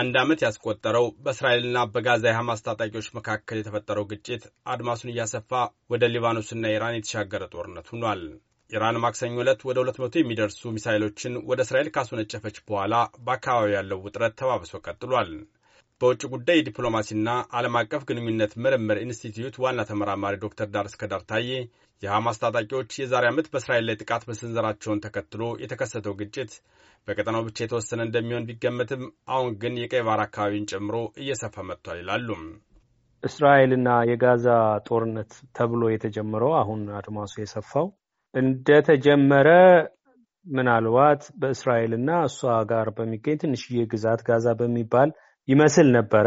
አንድ ዓመት ያስቆጠረው በእስራኤልና በጋዛ የሐማስ ታጣቂዎች መካከል የተፈጠረው ግጭት አድማሱን እያሰፋ ወደ ሊባኖስና ኢራን የተሻገረ ጦርነት ሆኗል። ኢራን ማክሰኞ ዕለት ወደ 200 የሚደርሱ ሚሳይሎችን ወደ እስራኤል ካስወነጨፈች በኋላ በአካባቢው ያለው ውጥረት ተባብሶ ቀጥሏል። በውጭ ጉዳይ ዲፕሎማሲና ዓለም አቀፍ ግንኙነት ምርምር ኢንስቲትዩት ዋና ተመራማሪ ዶክተር ዳር እስከዳር ታዬ የሐማስ ታጣቂዎች የዛሬ ዓመት በእስራኤል ላይ ጥቃት መሰንዘራቸውን ተከትሎ የተከሰተው ግጭት በቀጠናው ብቻ የተወሰነ እንደሚሆን ቢገመትም አሁን ግን የቀይ ባህር አካባቢን ጨምሮ እየሰፋ መጥቷል ይላሉ። እስራኤልና የጋዛ ጦርነት ተብሎ የተጀመረው አሁን አድማሱ የሰፋው እንደተጀመረ ምናልባት በእስራኤልና እሷ ጋር በሚገኝ ትንሽዬ ግዛት ጋዛ በሚባል ይመስል ነበረ።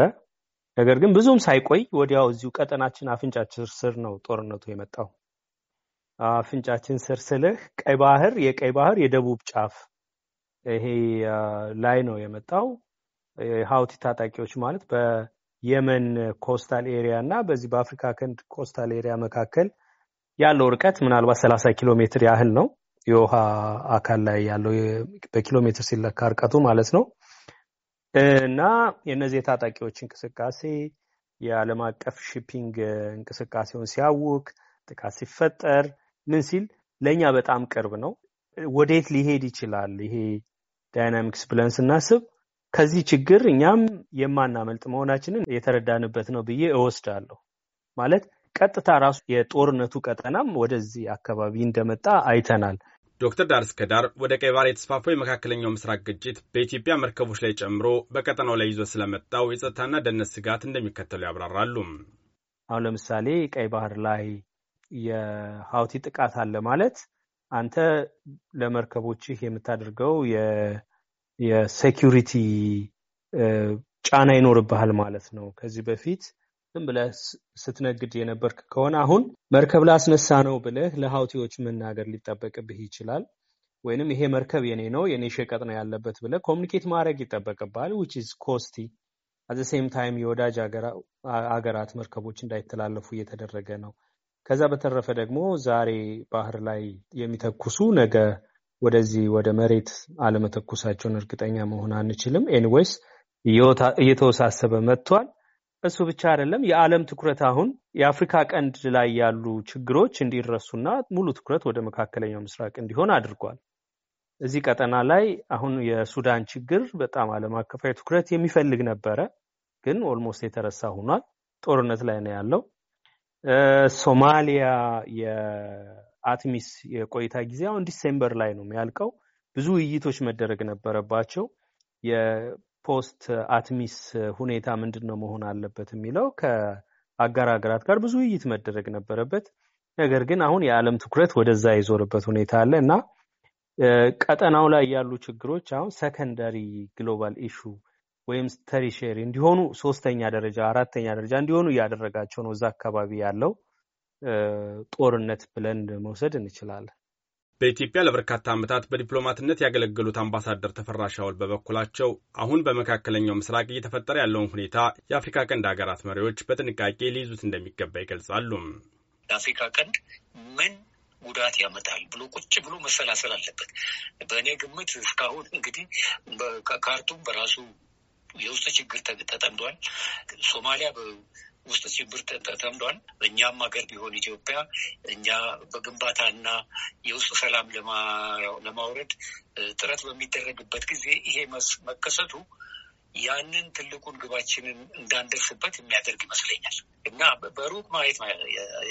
ነገር ግን ብዙም ሳይቆይ ወዲያው እዚሁ ቀጠናችን አፍንጫችን ስር ነው ጦርነቱ የመጣው። አፍንጫችን ስር ስልህ ቀይ ባህር የቀይ ባህር የደቡብ ጫፍ ይሄ ላይ ነው የመጣው። የሀውቲ ታጣቂዎች ማለት በየመን ኮስታል ኤሪያ እና በዚህ በአፍሪካ ቀንድ ኮስታል ኤሪያ መካከል ያለው ርቀት ምናልባት 30 ኪሎ ሜትር ያህል ነው። የውሃ አካል ላይ ያለው በኪሎ ሜትር ሲለካ ማለት ነው። እና የእነዚህ የታጣቂዎች እንቅስቃሴ የዓለም አቀፍ ሺፒንግ እንቅስቃሴውን ሲያውክ፣ ጥቃት ሲፈጠር ምን ሲል ለእኛ በጣም ቅርብ ነው። ወዴት ሊሄድ ይችላል ይሄ ዳይናሚክስ ብለን ስናስብ ከዚህ ችግር እኛም የማናመልጥ መሆናችንን የተረዳንበት ነው ብዬ እወስዳለሁ። ማለት ቀጥታ ራሱ የጦርነቱ ቀጠናም ወደዚህ አካባቢ እንደመጣ አይተናል። ዶክተር ዳርስ ከዳር ወደ ቀይ ባህር የተስፋፋው የመካከለኛው ምስራቅ ግጭት በኢትዮጵያ መርከቦች ላይ ጨምሮ በቀጠናው ላይ ይዞ ስለመጣው የጸጥታና ደህንነት ስጋት እንደሚከተሉ ያብራራሉ። አሁን ለምሳሌ ቀይ ባህር ላይ የሀውቲ ጥቃት አለ ማለት አንተ ለመርከቦችህ የምታደርገው የሴኪሪቲ ጫና ይኖርብሃል ማለት ነው። ከዚህ በፊት ዝም ብለህ ስትነግድ የነበርክ ከሆነ አሁን መርከብ ላስነሳ ነው ብለህ ለሀውቲዎች መናገር ሊጠበቅብህ ይችላል። ወይንም ይሄ መርከብ የኔ ነው የኔ ሸቀጥ ነው ያለበት ብለህ ኮሚኒኬት ማድረግ ይጠበቅብሃል። ዊች ኢዝ ኮስቲ አዘ ሴም ታይም የወዳጅ አገራት መርከቦች እንዳይተላለፉ እየተደረገ ነው። ከዛ በተረፈ ደግሞ ዛሬ ባህር ላይ የሚተኩሱ ነገ ወደዚህ ወደ መሬት አለመተኩሳቸውን እርግጠኛ መሆን አንችልም። ኤኒዌይስ እየተወሳሰበ መጥቷል። እሱ ብቻ አይደለም። የዓለም ትኩረት አሁን የአፍሪካ ቀንድ ላይ ያሉ ችግሮች እንዲረሱና ሙሉ ትኩረት ወደ መካከለኛው ምስራቅ እንዲሆን አድርጓል። እዚህ ቀጠና ላይ አሁን የሱዳን ችግር በጣም ዓለም አቀፋዊ ትኩረት የሚፈልግ ነበረ፣ ግን ኦልሞስት የተረሳ ሆኗል። ጦርነት ላይ ነው ያለው። ሶማሊያ የአትሚስ የቆይታ ጊዜ አሁን ዲሴምበር ላይ ነው የሚያልቀው። ብዙ ውይይቶች መደረግ ነበረባቸው። ፖስት አትሚስ ሁኔታ ምንድን ነው መሆን አለበት የሚለው ከአጋር ሀገራት ጋር ብዙ ውይይት መደረግ ነበረበት። ነገር ግን አሁን የዓለም ትኩረት ወደዛ የዞረበት ሁኔታ አለ እና ቀጠናው ላይ ያሉ ችግሮች አሁን ሰከንደሪ ግሎባል ኢሹ ወይም ተሪሼሪ እንዲሆኑ ሶስተኛ ደረጃ አራተኛ ደረጃ እንዲሆኑ እያደረጋቸው ነው። እዛ አካባቢ ያለው ጦርነት ብለን መውሰድ እንችላለን። በኢትዮጵያ ለበርካታ ዓመታት በዲፕሎማትነት ያገለገሉት አምባሳደር ተፈራ ሻውል በበኩላቸው አሁን በመካከለኛው ምስራቅ እየተፈጠረ ያለውን ሁኔታ የአፍሪካ ቀንድ ሀገራት መሪዎች በጥንቃቄ ሊይዙት እንደሚገባ ይገልጻሉ። የአፍሪካ ቀንድ ምን ጉዳት ያመጣል ብሎ ቁጭ ብሎ መሰላሰል አለበት። በእኔ ግምት እስካሁን እንግዲህ ካርቱም በራሱ የውስጥ ችግር ተጠምዷል። ሶማሊያ ውስጥ ችግር ተጠምዷል። እኛም ሀገር ቢሆን ኢትዮጵያ እኛ በግንባታና የውስጥ ሰላም ለማውረድ ጥረት በሚደረግበት ጊዜ ይሄ መከሰቱ ያንን ትልቁን ግባችንን እንዳንደርስበት የሚያደርግ ይመስለኛል እና በሩቅ ማየት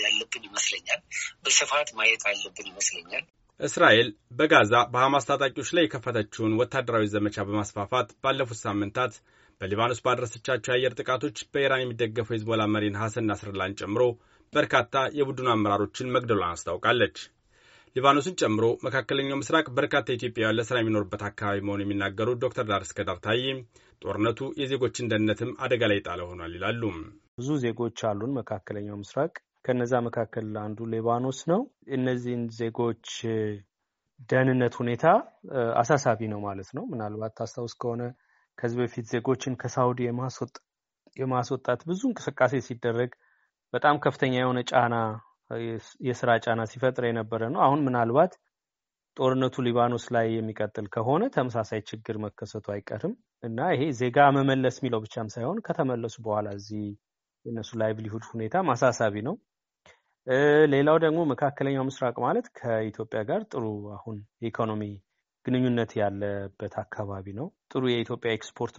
ያለብን ይመስለኛል። በስፋት ማየት አለብን ይመስለኛል። እስራኤል በጋዛ በሐማስ ታጣቂዎች ላይ የከፈተችውን ወታደራዊ ዘመቻ በማስፋፋት ባለፉት ሳምንታት በሊባኖስ ባደረሰቻቸው የአየር ጥቃቶች በኢራን የሚደገፈው ሂዝቦላ መሪን ሐሰን ናስርላን ጨምሮ በርካታ የቡድኑ አመራሮችን መግደሏን አስታውቃለች። ሊባኖስን ጨምሮ መካከለኛው ምስራቅ በርካታ ኢትዮጵያውያን ለስራ የሚኖርበት አካባቢ መሆኑ የሚናገሩ ዶክተር ዳርስ ከዳር ታዬ ጦርነቱ የዜጎችን ደህንነትም አደጋ ላይ ጣለ ሆኗል ይላሉ። ብዙ ዜጎች አሉን መካከለኛው ምስራቅ ከነዛ መካከል አንዱ ሌባኖስ ነው። እነዚህን ዜጎች ደህንነት ሁኔታ አሳሳቢ ነው ማለት ነው። ምናልባት ታስታውስ ከሆነ ከዚህ በፊት ዜጎችን ከሳውዲ የማስወጣት ብዙ እንቅስቃሴ ሲደረግ በጣም ከፍተኛ የሆነ ጫና የስራ ጫና ሲፈጥር የነበረ ነው። አሁን ምናልባት ጦርነቱ ሊባኖስ ላይ የሚቀጥል ከሆነ ተመሳሳይ ችግር መከሰቱ አይቀርም እና ይሄ ዜጋ መመለስ የሚለው ብቻም ሳይሆን ከተመለሱ በኋላ እዚህ የእነሱ ላይቭሊሁድ ሁኔታ ማሳሳቢ ነው። ሌላው ደግሞ መካከለኛው ምስራቅ ማለት ከኢትዮጵያ ጋር ጥሩ አሁን የኢኮኖሚ ግንኙነት ያለበት አካባቢ ነው። ጥሩ የኢትዮጵያ ኤክስፖርት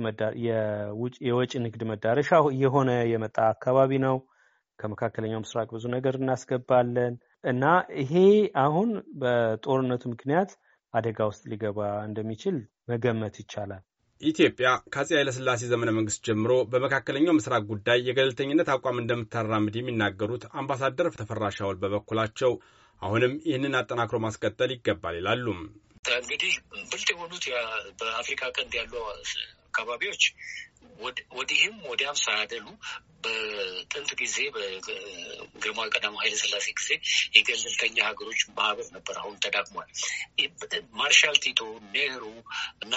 የወጪ ንግድ መዳረሻ የሆነ የመጣ አካባቢ ነው። ከመካከለኛው ምስራቅ ብዙ ነገር እናስገባለን እና ይሄ አሁን በጦርነቱ ምክንያት አደጋ ውስጥ ሊገባ እንደሚችል መገመት ይቻላል። ኢትዮጵያ ከአጼ ኃይለሥላሴ ዘመነ መንግስት ጀምሮ በመካከለኛው ምስራቅ ጉዳይ የገለልተኝነት አቋም እንደምታራምድ የሚናገሩት አምባሳደር ተፈራ ሻውል በበኩላቸው አሁንም ይህንን አጠናክሮ ማስቀጠል ይገባል ይላሉ። እንግዲህ ብልጥ የሆኑት በአፍሪካ ቀንድ ያሉ አካባቢዎች ወዲህም ወዲያም ሳያደሉ በጥንት ጊዜ በግርማዊ ቀዳማዊ ኃይለ ሥላሴ ጊዜ የገለልተኛ ሀገሮች ማህበር ነበር። አሁን ተዳክሟል። ማርሻል ቲቶ፣ ኔህሩ እና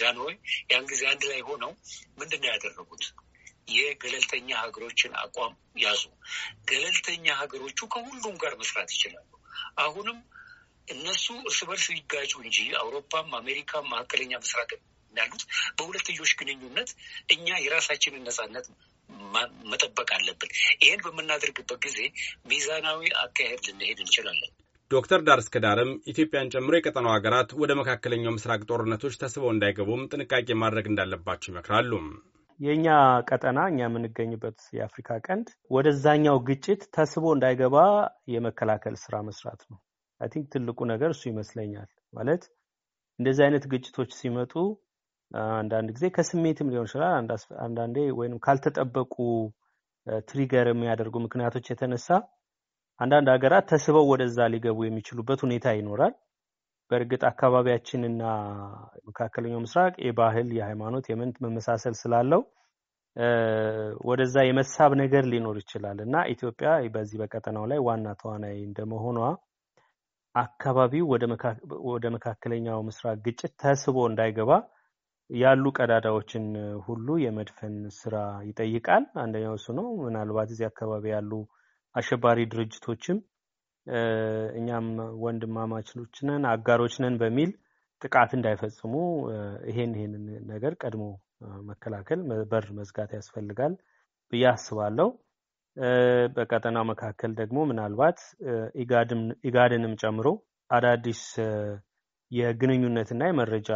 ጃንሆይ ያን ጊዜ አንድ ላይ ሆነው ምንድን ነው ያደረጉት? የገለልተኛ ሀገሮችን አቋም ያዙ። ገለልተኛ ሀገሮቹ ከሁሉም ጋር መስራት ይችላሉ። አሁንም እነሱ እርስ በርስ ይጋጩ እንጂ አውሮፓም አሜሪካም መካከለኛ ምስራቅ እንዳሉት በሁለትዮሽ ግንኙነት እኛ የራሳችንን ነጻነት መጠበቅ አለብን። ይህን በምናደርግበት ጊዜ ሚዛናዊ አካሄድ ልንሄድ እንችላለን። ዶክተር ዳር እስከዳርም ኢትዮጵያን ጨምሮ የቀጠናው ሀገራት ወደ መካከለኛው ምስራቅ ጦርነቶች ተስበው እንዳይገቡም ጥንቃቄ ማድረግ እንዳለባቸው ይመክራሉ። የእኛ ቀጠና እኛ የምንገኝበት የአፍሪካ ቀንድ ወደዛኛው ግጭት ተስቦ እንዳይገባ የመከላከል ስራ መስራት ነው። አይ ቲንክ ትልቁ ነገር እሱ ይመስለኛል። ማለት እንደዚህ አይነት ግጭቶች ሲመጡ አንዳንድ ጊዜ ከስሜትም ሊሆን ይችላል። አንዳንዴ ወይም ካልተጠበቁ ትሪገር የሚያደርጉ ምክንያቶች የተነሳ አንዳንድ ሀገራት ተስበው ወደዛ ሊገቡ የሚችሉበት ሁኔታ ይኖራል። በእርግጥ አካባቢያችንና መካከለኛው ምስራቅ የባህል፣ የሃይማኖት፣ የምን መመሳሰል ስላለው ወደዛ የመሳብ ነገር ሊኖር ይችላል እና ኢትዮጵያ በዚህ በቀጠናው ላይ ዋና ተዋናይ እንደመሆኗ አካባቢው ወደ መካከለኛው ምስራቅ ግጭት ተስቦ እንዳይገባ ያሉ ቀዳዳዎችን ሁሉ የመድፈን ስራ ይጠይቃል። አንደኛው እሱ ነው። ምናልባት እዚህ አካባቢ ያሉ አሸባሪ ድርጅቶችም እኛም ወንድማማቾች ነን፣ አጋሮች ነን በሚል ጥቃት እንዳይፈጽሙ ይሄን ይሄንን ነገር ቀድሞ መከላከል በር መዝጋት ያስፈልጋል ብዬ አስባለሁ። በቀጠናው መካከል ደግሞ ምናልባት ኢጋድንም ጨምሮ አዳዲስ የግንኙነትና የመረጃ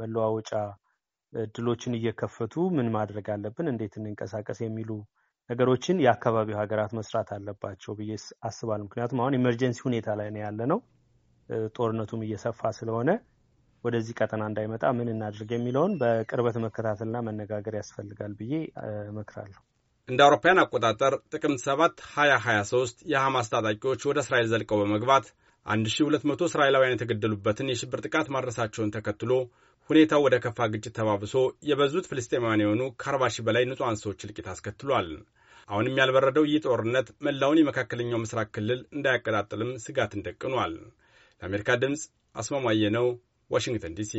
መለዋወጫ እድሎችን እየከፈቱ ምን ማድረግ አለብን፣ እንዴት እንንቀሳቀስ የሚሉ ነገሮችን የአካባቢው ሀገራት መስራት አለባቸው ብዬ አስባለሁ። ምክንያቱም አሁን ኤመርጀንሲ ሁኔታ ላይ ነው ያለ ነው። ጦርነቱም እየሰፋ ስለሆነ ወደዚህ ቀጠና እንዳይመጣ ምን እናድርግ የሚለውን በቅርበት መከታተልና መነጋገር ያስፈልጋል ብዬ እመክራለሁ። እንደ አውሮፓውያን አቆጣጠር ጥቅምት 7 2023 የሐማስ ታጣቂዎች ወደ እስራኤል ዘልቀው በመግባት 1200 እስራኤላውያን የተገደሉበትን የሽብር ጥቃት ማድረሳቸውን ተከትሎ ሁኔታው ወደ ከፋ ግጭት ተባብሶ የበዙት ፍልስጤማውያን የሆኑ ከአርባ ሺህ በላይ ንጹሐን ሰዎች እልቂት አስከትሏል። አሁንም ያልበረደው ይህ ጦርነት መላውን የመካከለኛው ምስራቅ ክልል እንዳያቀጣጥልም ስጋትን ደቅኗል። ለአሜሪካ ድምፅ አስማማየ ነው፣ ዋሽንግተን ዲሲ